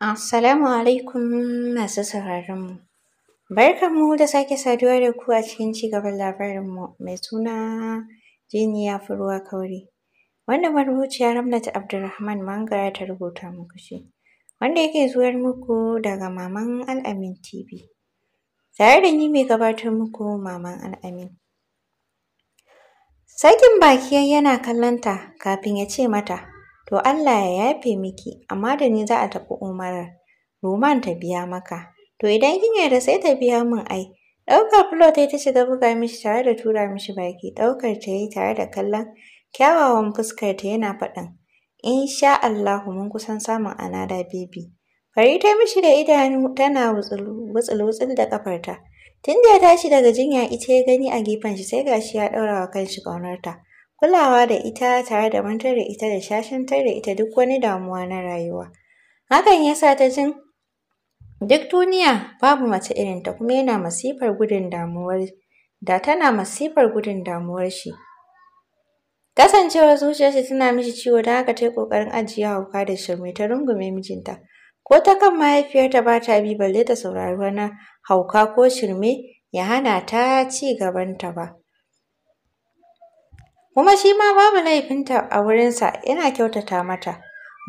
Assalamu alaikum masu sauraron mu. Barkan mu da sake saduwa da ku a cikin cigaban labarin mu mai suna jini fi ruwa kauri. Wanda marubuciya Ramnat Abdulrahman Mangara ta rubuta muku shi. Wanda yake zuwar muku daga Maman Al'amin TV. Tare da ni mai gabatar muku Maman Al'amin. Sakin baki yana kallonta kafin ya ce mata To Allah ya yafe miki, amma da ni za a tafi umarar. Roman ta biya maka. To idan kin yarda sai ta biya min ai. Ɗaukar fulo ta yi ta shiga buga mishi tare da tura mishi baki. Ɗaukar ta yi tare da kallon kyawawan fuskar ta yana faɗin. In sha mun kusan samun anada bebi. Fari ta mishi da idanu tana wutsul-wutsul da kafarta Tun da ya tashi daga jinya ita ya gani a gefen shi sai gashi ya ɗaura wa kanshi ƙaunarta. kulawa da ita tare da mantar da ita da shashantar da ita duk wani damuwa na rayuwa. Hakan ya sa ta jin duk duniya babu mace irin ta kuma yana masifar gudun damuwar da tana masifar gudun damuwar shi. Kasancewar zuciyarsa tana mishi ciwo don haka ta yi ƙoƙarin ajiye hauka da shirme ta rungume mijinta. Ko ta kan mahaifiyarta ba ta bi balle ta saurari wani hauka ko shirme ya hana ta ci gabanta ba. kuma shi ma babu laifinta a wurinsa yana kyautata mata.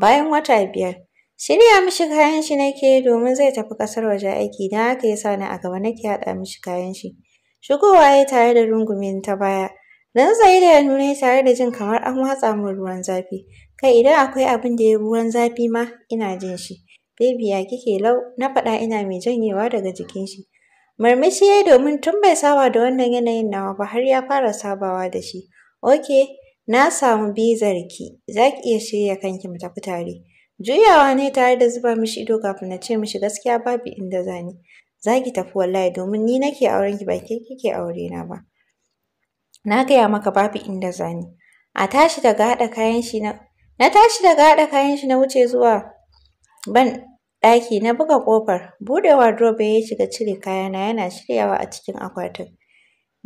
Bayan wata biyar, shirya mishi kayan shi nake domin zai tafi ƙasar waje aiki don haka ya sa ni a gaba nake haɗa mishi kayan shi. Shigowa ya tare da rungumi ta baya, rantsaye da ya nuna tare da jin kamar an watsa min ruwan zafi. Kai idan akwai abin da ya ruwan zafi ma ina jin shi. Baby ya kike lau, na faɗa ina mai janyewa daga jikin shi. Murmushi ya yi domin tun bai saba da wannan yanayin nawa ba har ya fara sabawa da shi. Ok, na samu bizar ki, za ki iya shirya kanki mu tafi tare. Juyawa ne tare da zuba mishi ido kafin na ce mishi gaskiya babu inda za ni. Za ki tafi wallahi domin ni nake auren ki ba ke kike aure na ba. Na gaya maka babu inda za ni. A tashi daga haɗa kayan shi na Na tashi daga haɗa kayan shi na wuce zuwa ban ɗaki na buga ƙofar. Buɗe wardrobe ya shiga cire kayana yana shiryawa a cikin akwatin.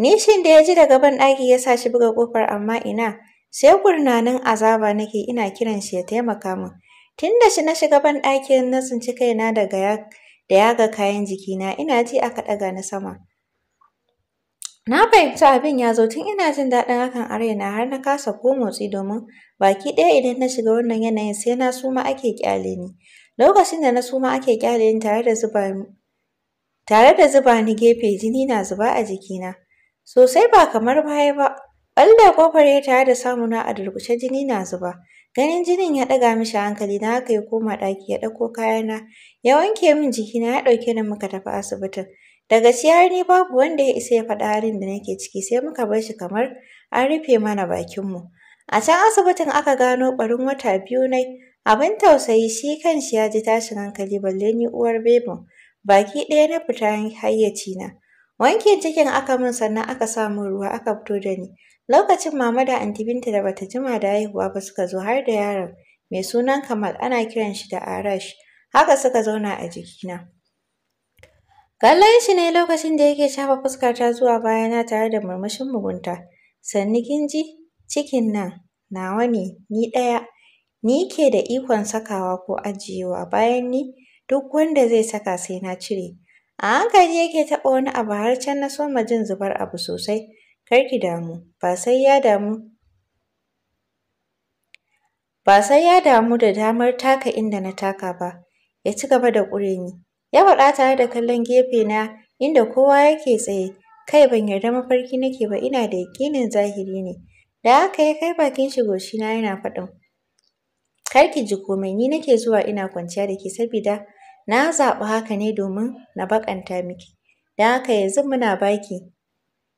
Nishin da ya ji daga banɗaki ya sa shi buga ƙofar amma ina, sai gurnanin azaba nake ina kiran shi ya taimaka min. Tun da shi na shiga banɗakin na tsinci kaina daga da ga kayan jikina ina ji aka ɗaga na sama. Na fahimci abin ya zo tun ina jin daɗin hakan a raina har na kasa ko motsi domin baki ɗaya idan na shiga wannan yanayin sai na suma ake ƙyale ni. Lokacin da na suma ake ƙyale ni da zuba tare da zuba ni gefe jini na zuba a jikina. sosai ba kamar baya ba. Ɓalle kofar ya tare da samuna a durkushe jini na zuba. Ganin jinin ya ɗaga mishi hankali na aka yi koma ɗaki ya ɗauko kayana ya wanke min jiki na ya ɗauke ni muka tafi asibitin. Daga ciyar ni babu wanda ya isa ya faɗa halin da nake ciki sai muka bar shi kamar an rufe mana bakinmu. A can asibitin aka gano ɓarin wata biyu nai abin tausayi shi kanshi ya ji tashin hankali balle ni uwar bebin. Baki ɗaya na fita hayyacina. Wanke cikin aka min sannan aka sa min ruwa aka fito da ni. Lokacin mama da anti Binta da bata jima da haihuwa ba suka zo har da yaron mai sunan Kamal ana kiran shi da Arash. Haka suka zauna a jikina. Kallon shi ne lokacin da yake shafa fuskata zuwa bayana tare da murmushin mugunta. sanni kin cikin nan nawa ne ni ɗaya. Ni ke da ikon sakawa ko ajiyewa bayan ni duk wanda zai saka sai na cire. A hankali yake taɓa wani abu har can na soma jin zubar abu sosai. Kar ki damu, ba sai ya damu ba sai ya damu da damar taka inda na taka ba. Ya ci gaba da ƙure Ya faɗa tare da kallon gefe na inda kowa yake tsaye. Kai ban yarda mafarki nake ba ina da yaƙinin zahiri ne. Da haka ya kai bakin shi goshina yana faɗin. Kar ki ji komai ni nake zuwa ina kwanciya da ke sabida Na zaɓi haka ne domin na baƙanta miki, don haka yanzu muna baki,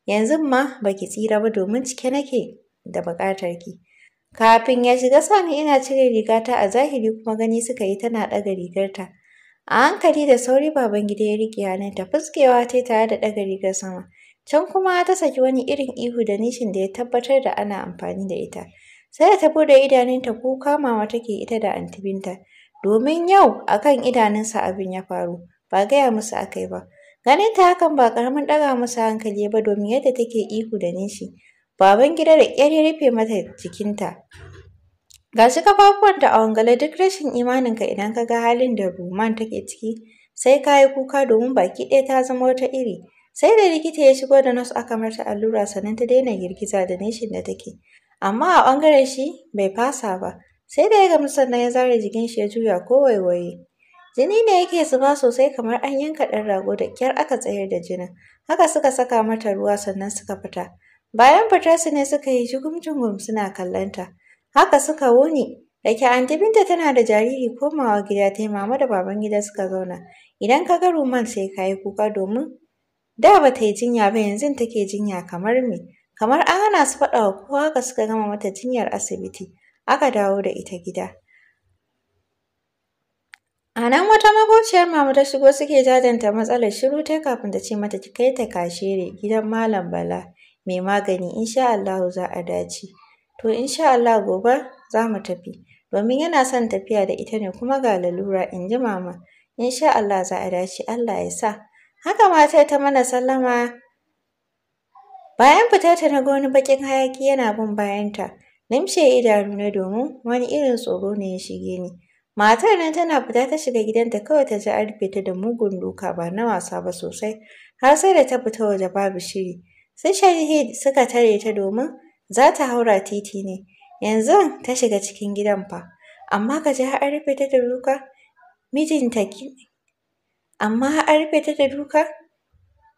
yanzu ma baki tsira ba domin cike nake da buƙatar ki. Kafin ya shiga sani ina cire rigata a zahiri kuma gani suka yi tana ɗaga rigarta. A hankali da sauri Babangida ya riƙe hannunta fuskewa ta tare da ɗaga rigar sama. Can kuma ta saki wani irin ihu da nishin da ya tabbatar da ana amfani da ita. Sai da ta buɗe idanunta ko kamawa take ita da antibinta. domin yau a kan idanunsa abin ya faru ba gaya musu aka yi ba. Ganin ta hakan ba karamin ɗaga musu hankali ba domin yadda take ihu da nishi. Baban gida da ƙyar ya rufe mata jikinta. Ga shi kafafuwanta a wangale duk rashin imaninka idan ka ga halin da Ruman take ciki, sai ka yi kuka domin baki ɗaya ta zama wata iri. Sai da likita ya shigo da nasu aka mata allura sannan ta daina girgiza da nishin da take. Amma a ɓangaren shi bai fasa ba, Sai da ya gamu sannan ya zare jikin shi ya juya ko waiwaye. Jini ne yake zuba sosai kamar an yanka ɗan rago da kyar aka tsayar da jinin. Haka suka saka mata ruwa sannan suka fita. Bayan su ne suka yi jugum-jugum suna kallonta. Haka suka wuni. Da ke anti Binta tana da jariri komawa gida ta yi mama da baban gida suka zauna. Idan ka ga Ruman sai ka yi kuka domin da ba ta yi jinya ba yanzu take jinya kamar me. Kamar an hana su faɗa wa kowa haka suka gama mata jinyar asibiti. aka dawo da ita gida. A nan wata magociyar mama ta shigo suke jajanta matsalar shiru ta kafin ta ce mata ki kai ta kashere gidan Malam Bala mai magani insha Allahu za a dace. To insha Allah gobe za mu tafi domin yana son tafiya da ita ne kuma ga lalura in ji mama. Insha Allah za a dace Allah ya sa. Haka matar ta mana sallama bayan fitar ta na ga wani baƙin hayaki yana bin bayanta. Limshe idanu na domin wani irin tsoro ne ya shige ni. Matar nan tana fita ta shiga gidanta kawai ta ji an rufe ta da mugun duka ba na wasa ba sosai, har sai da ta fita waje babu shiri. Sai Shahid suka tare ta domin za ta haura titi ne, yanzu ta shiga cikin gidan fa. Amma ka ji har rufe ta da duka? Mijinta ki? Amma har an rufe ta da duka?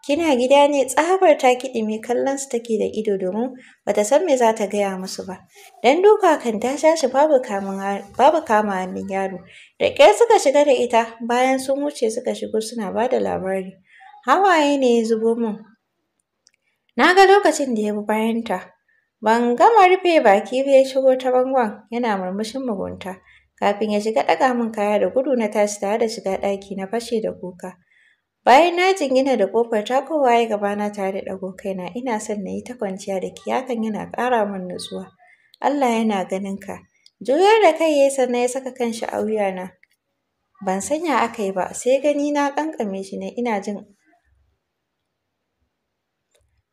Kina gida ne tsabar ta mai kallon su take da ido domin bata san me za ta gaya musu ba. Dan duka kan ta sha babu kama hannun yaro. Da ƙyar suka shiga da ita bayan sun wuce suka shigo suna ba da labari. Hawaye ne ya zubo min. Na ga lokacin da ya bi bayanta. Ban gama rufe baki ba ya shigo ta bangon yana murmushin mugunta. Kafin ya shiga ɗaga min kaya da gudu na tashi tare da shiga ɗaki na fashe da kuka. Bayan na jingina da ƙofar takowa ya gabana tare da ɗago kaina ina son na yi ta kwanciya da ke, hakan yana ƙara min nutsuwa. Allah yana ganin ka. Juya da kai yayi sannan ya saka kanshi a wuyana. Ban sanya aka yi ba sai gani na ƙanƙame shi ne ina jin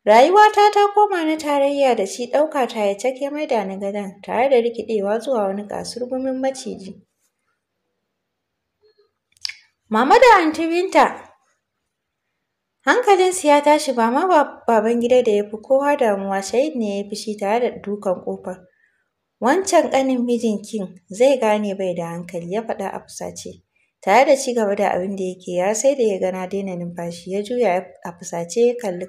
Rayuwata ta koma na tarayya da shi ɗauka ta ya cake mai da ni gadon tare da rikidewa zuwa wani kasurgumin maciji. Mama da Aunty Binta Hankalin Hankalinsu ya tashi ba ma gida da ya fi kowa damuwa Shahid ne ya fi shi tare da dukan ƙofar. Wancan ƙanin mijin kin zai gane bai da hankali ya faɗa a fusace. Tare da ci gaba da abin da yake ya sai da ya gana daina numfashi ya juya a fusace ya kalli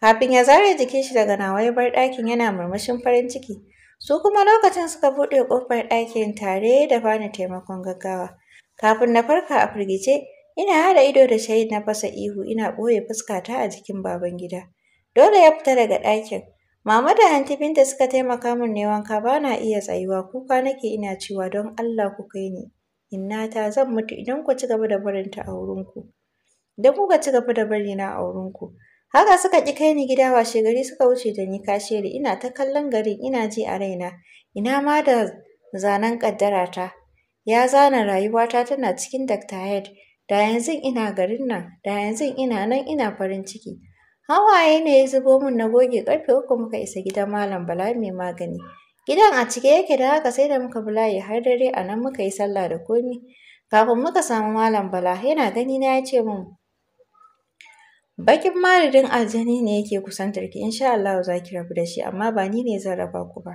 Kafin ya zare jikin shi daga nawa ya bar ɗakin yana murmushin farin ciki. Su kuma lokacin suka buɗe ƙofar ɗakin tare da bani taimakon gaggawa. Kafin na farka a firgice, ina hada ido da shahid na fasa ihu ina ɓoye fuskata a jikin baban gida. Dole ya fita daga ɗakin. Mama da Hanti Binta suka taimaka min ne wanka ba na iya tsayuwa kuka nake ina cewa don Allah ku kai ni. ta, zan mutu idan ku ci gaba da ta a ku. Idan kuka ci gaba da na a wurinku. Haka suka ƙi kai ni gida washe gari suka wuce da ni kashiri ina ta kallon garin ina ji a raina. Ina ma da zanen ta. Ya zana rayuwata tana cikin Dr. Hyde. Da yanzu ina garin nan, da yanzu ina nan ina farin ciki. Hawaye ne ya zubo min na goge karfe uku muka isa gidan Malam Bala mai magani. Gidan a cike yake da haka sai da muka bula ya har dare a nan muka yi sallah da komi. Kafin muka samu Malam Bala yana gani na ya ce min Bakin maridin aljani ne yake kusantar ki insha Allah za ki rabu da shi amma ba ni ne zan raba ku ba.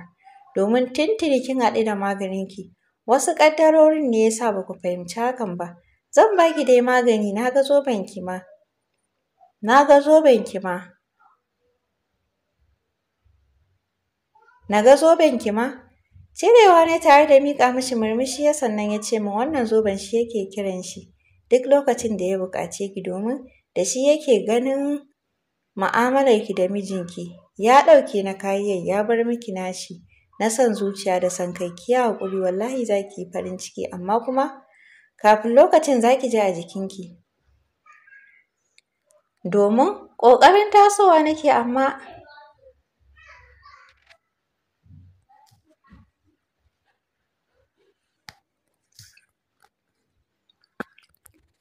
Domin tintini kin haɗe da maganin ki Wasu ƙaddarorin ne ya sa ba ku fahimci hakan ba. Zan ba ki dai magani, na ga zobenki ma. Na ga zobenki ma. Na ga zobenki ma. Cirewa ne tare da miƙa mishi murmushi ya sannan ya ce min wannan zoben shi yake kiran shi duk lokacin da ya buƙace ki domin da shi yake ganin mu'amalarki da mijinki. Ya ɗauke na kayayyar ya bar miki nashi. na san zuciya da san kai ki yi wallahi za ki yi farin ciki amma kuma kafin lokacin za ki ji a jikinki domin ƙoƙarin tasowa nake amma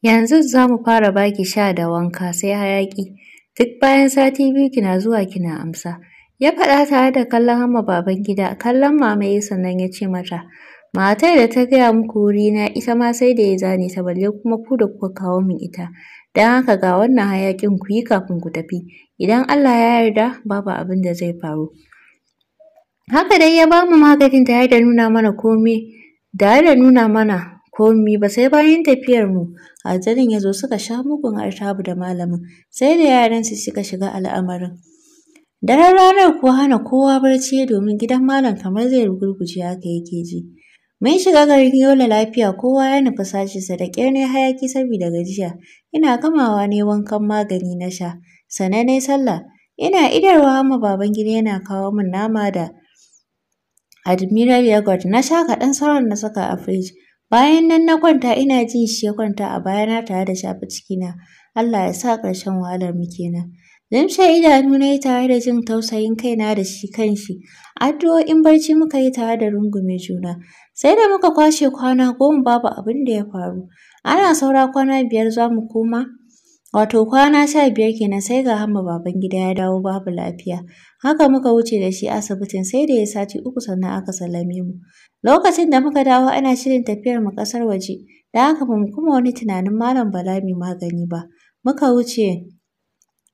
yanzu za mu fara baki sha da wanka sai hayaki, duk bayan sati biyu kina zuwa kina amsa Ya faɗa tare da kallon hama baban gida, kallon mama ya sannan ya ce mata, Matar da ta gaya muku wurina ita ma sai da ya zane ta balle kuma ku da kuka kawo min ita. Don haka ga wannan hayaƙin ku yi kafin ku tafi. Idan Allah ya yarda babu abin da zai faru. Haka dai ya ba mu maganin tare da nuna mana komai, tare da nuna mana komi ba sai bayan tafiyar mu aljanin ya zo suka sha mugun artabu da malamin sai da yaran su suka shiga al'amarin. Daren ranar kuwa hana kowa barci domin gidan malam kamar zai rugurguje haka yake ji. Mun shiga garin Yola lafiya kowa ya nufi sa da ƙyar ne hayaki saboda gajiya. Ina kamawa ne wankan magani na sha. Sannan na sallah. Ina idarwa amma baban gida yana kawo min nama da Admiral yoghurt na sha kaɗan sauran na saka a firij. Bayan nan na kwanta ina jin shi ya kwanta a bayana tare da shafa cikina. Allah ya sa ƙarshen wahalar mu kenan. Limshe idanu na yi tare da jin tausayin kaina da shi kanshi. Addu'o'in barci muka yi tare da rungume juna. Sai da muka kwashe kwana goma babu abin da ya faru. Ana saura kwana biyar za mu koma. Wato kwana sha biyar kenan sai ga Hama baban gida ya dawo babu lafiya. Haka muka wuce da shi asibitin sai da ya sati uku sannan aka sallame mu. Lokacin da muka dawo ana shirin tafiyar mu ƙasar waje, da haka ba mu kuma wani tunanin Malam Bala mai magani ba. Muka wuce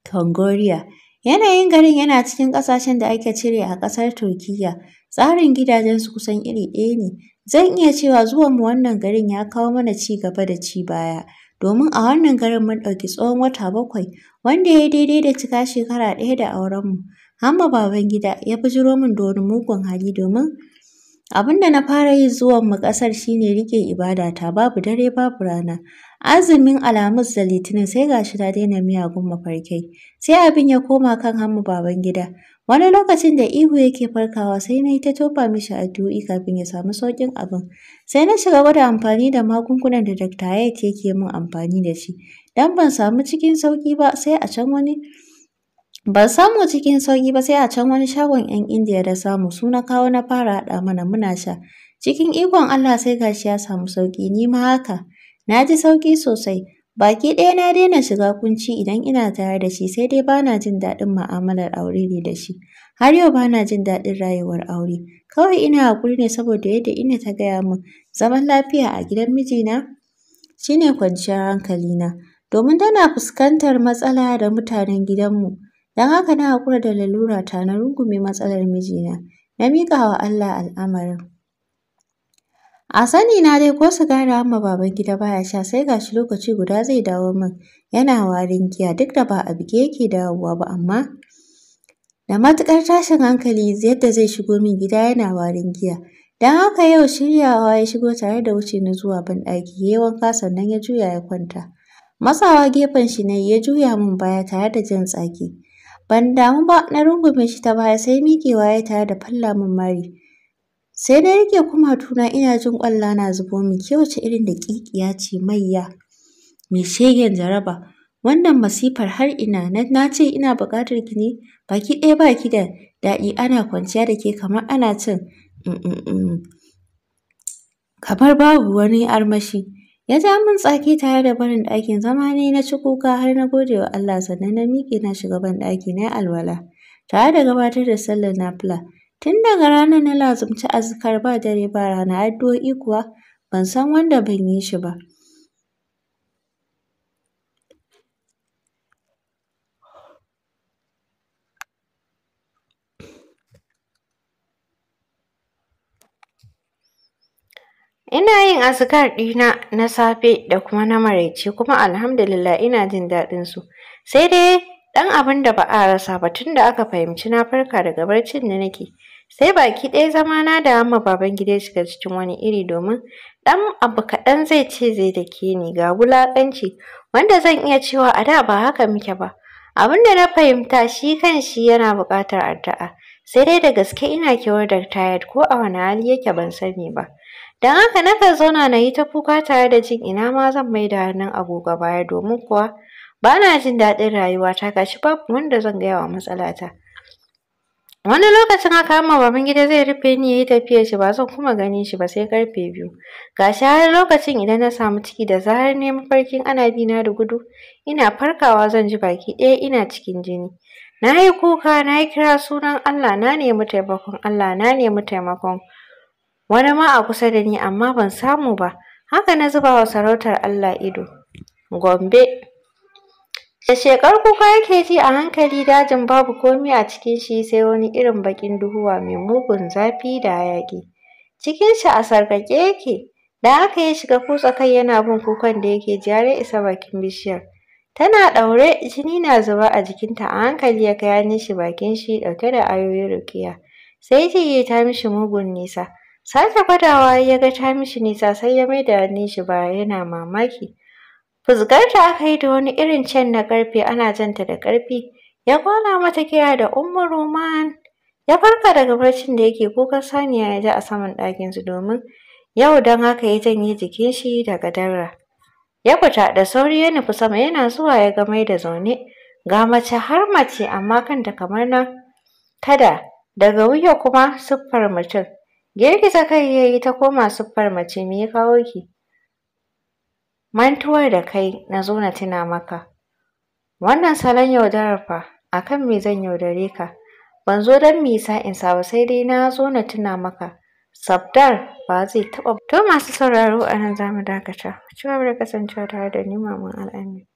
tongoria Yanayin garin yana cikin ƙasashen da ake cire a ƙasar Turkiyya. Tsarin gidajensu kusan iri ɗaya ne. Zan iya cewa mu wannan garin ya kawo mana ci gaba da ci baya. Domin a wannan garin mun ɗauki tsawon wata bakwai, wanda ya daidai da cika shekara ɗaya da aurenmu. Hamma Babangida ya bijiro min da wani mugun hali domin Abin da na fara yi zuwan mu ƙasar shine rike ibadata babu dare babu rana. Azumin alamus da Litinin sai gashi ta daina miyagun mafarkai. Sai abin ya koma kan hannu baban gida. Wani lokacin da ihu yake farkawa sai na yi ta tofa mishi addu'o'i kafin ya samu sauƙin abin. Sai na shiga gwada amfani da magungunan da Dr. Hayat yake min amfani da shi. Dan ban samu cikin sauƙi ba sai a can wani Ban samu cikin sauki ba sai a can wani shagon 'yan Indiya da samu Suna kawo na fara haɗa mana muna sha. Cikin ikon Allah sai gashi ya samu sauki ni ma haka. Na ji sauƙi sosai. Baki ɗaya na daina shiga kunci idan ina tare da shi sai dai bana jin daɗin ma'amalar aure ne da shi. Har yau bana jin daɗin rayuwar aure. Kawai ina haƙuri ne saboda yadda ina ta gaya min zaman lafiya a gidan mijina shine kwanciyar hankalina. Domin tana fuskantar matsala da mutanen gidanmu. dan haka na haƙura da lalura ta na rungume matsalar mijina, na miƙa wa Allah al'amarin. A sani na dai ko gane amma gida baya sha sai gashi lokaci guda zai dawo min yana warin giya duk da ba a bige yake dawowa ba amma da matuƙar tashin hankali yadda zai shigo min gida yana warin giya. dan haka yau shiryawa ya shigo tare da wuce na zuwa banɗaki ya yi wanka sannan ya juya ya kwanta. Matsawa gefen shi na ya juya min baya tare da jan tsaki. Ban damu ba na rungume shi ta baya sai miƙewa ya tare da falla min mari. Sai na rike tuna ina jin ƙwalla na zubo min ke irin da ƙiƙiya ce maiya. Mai shegen jaraba. Wannan masifar har ina na ce ina buƙatar ki ne baki ɗaya baki da daɗi ana kwanciya da ke kamar ana cin mm, mm, mm, kamar babu wani armashi. Ya ja min tsaki tare da barin ɗakin zama ne na ci kuka har na gode wa Allah sannan na miƙe na shiga ban ɗaki na alwala tare da gabatar da sallar nafila. Tun daga ranar na lazumci azkar ba dare ba rana addu'o'i kuwa ban san wanda ban yi shi ba. Ina yin azkar ɗina na safe da kuma na maraice kuma alhamdulillah ina jin daɗin su. Sai dai ɗan abin da ba a rasa ba tun da aka fahimci na farka daga barcin da nake. Sai baki ɗaya zama na da amma baban gida shiga cikin wani iri domin ɗan abu kaɗan zai ce zai da ke ni ga wulaƙanci wanda zan iya cewa a da ba haka muke ba. Abin da na fahimta shi kan shi yana buƙatar addu'a. Sai dai da gaske ina kewar da tired ko a wani hali yake ban sani ba. Don haka kan zauna na yi ta kuka tare da jin ina ma zan mai da hannun agogo baya domin kuwa ba na jin daɗin rayuwata gashi babu wanda zan gaya wa matsalata. Wani lokacin haka amma baban gida zai rufe ni ya yi tafiyar shi ba zan kuma gani shi ba sai karfe biyu. Gashi har lokacin idan na samu ciki da zarar ne mafarkin ana bi na da gudu ina farkawa zan ji baki ɗaya ina cikin jini. Na yi kuka na yi kira sunan Allah na nemi taimakon Allah na nemi taimakon wani ma a kusa da ni amma ban samu ba haka na zuba wa sarautar Allah ido Gombe da shekar kuka yake ji a hankali dajin babu komi a cikin shi sai wani irin bakin duhuwa mai mugun zafi da hayaki cikin shi a sarkake yake da haka ya shiga kutsa kai yana bin kukan da yake ji har isa bakin bishiyar tana ɗaure jini na zuba a jikinta a hankali ya kai hannun shi bakin shi dauke da ayoyin rukiya sai ji ta mishi mugun nisa Sake gwadawa ya ga ta mishi nisa sai ya maida hannun shi baya yana mamaki. Fuskar ta aka yi da wani irin can na ƙarfe ana janta da ƙarfi. Ya kwana mata kira da Ummu Roman. Ya farka daga barcin da yake kukan saniya ya ji a saman ɗakinsu domin yau don haka ya janye jikin shi daga dara. Ya fita da sauri ya nufi sama yana zuwa ya ga da zaune. Ga mace har mace amma kanta kamar na kada daga wuya kuma siffar mutum. Girgiza kai ya yi ta koma siffar mace me ya kawo ki? Mantuwar da kai na zo na tuna maka. Wannan salon yaudarar fa a kan me zan yaudare ka? Ban zo don me sa'insa ba sai dai na zo na tuna maka. Sabdar ba zai taɓa. To masu sauraro a nan za mu dakata. Ci gaba da kasancewa tare da ni Maman Al'amin.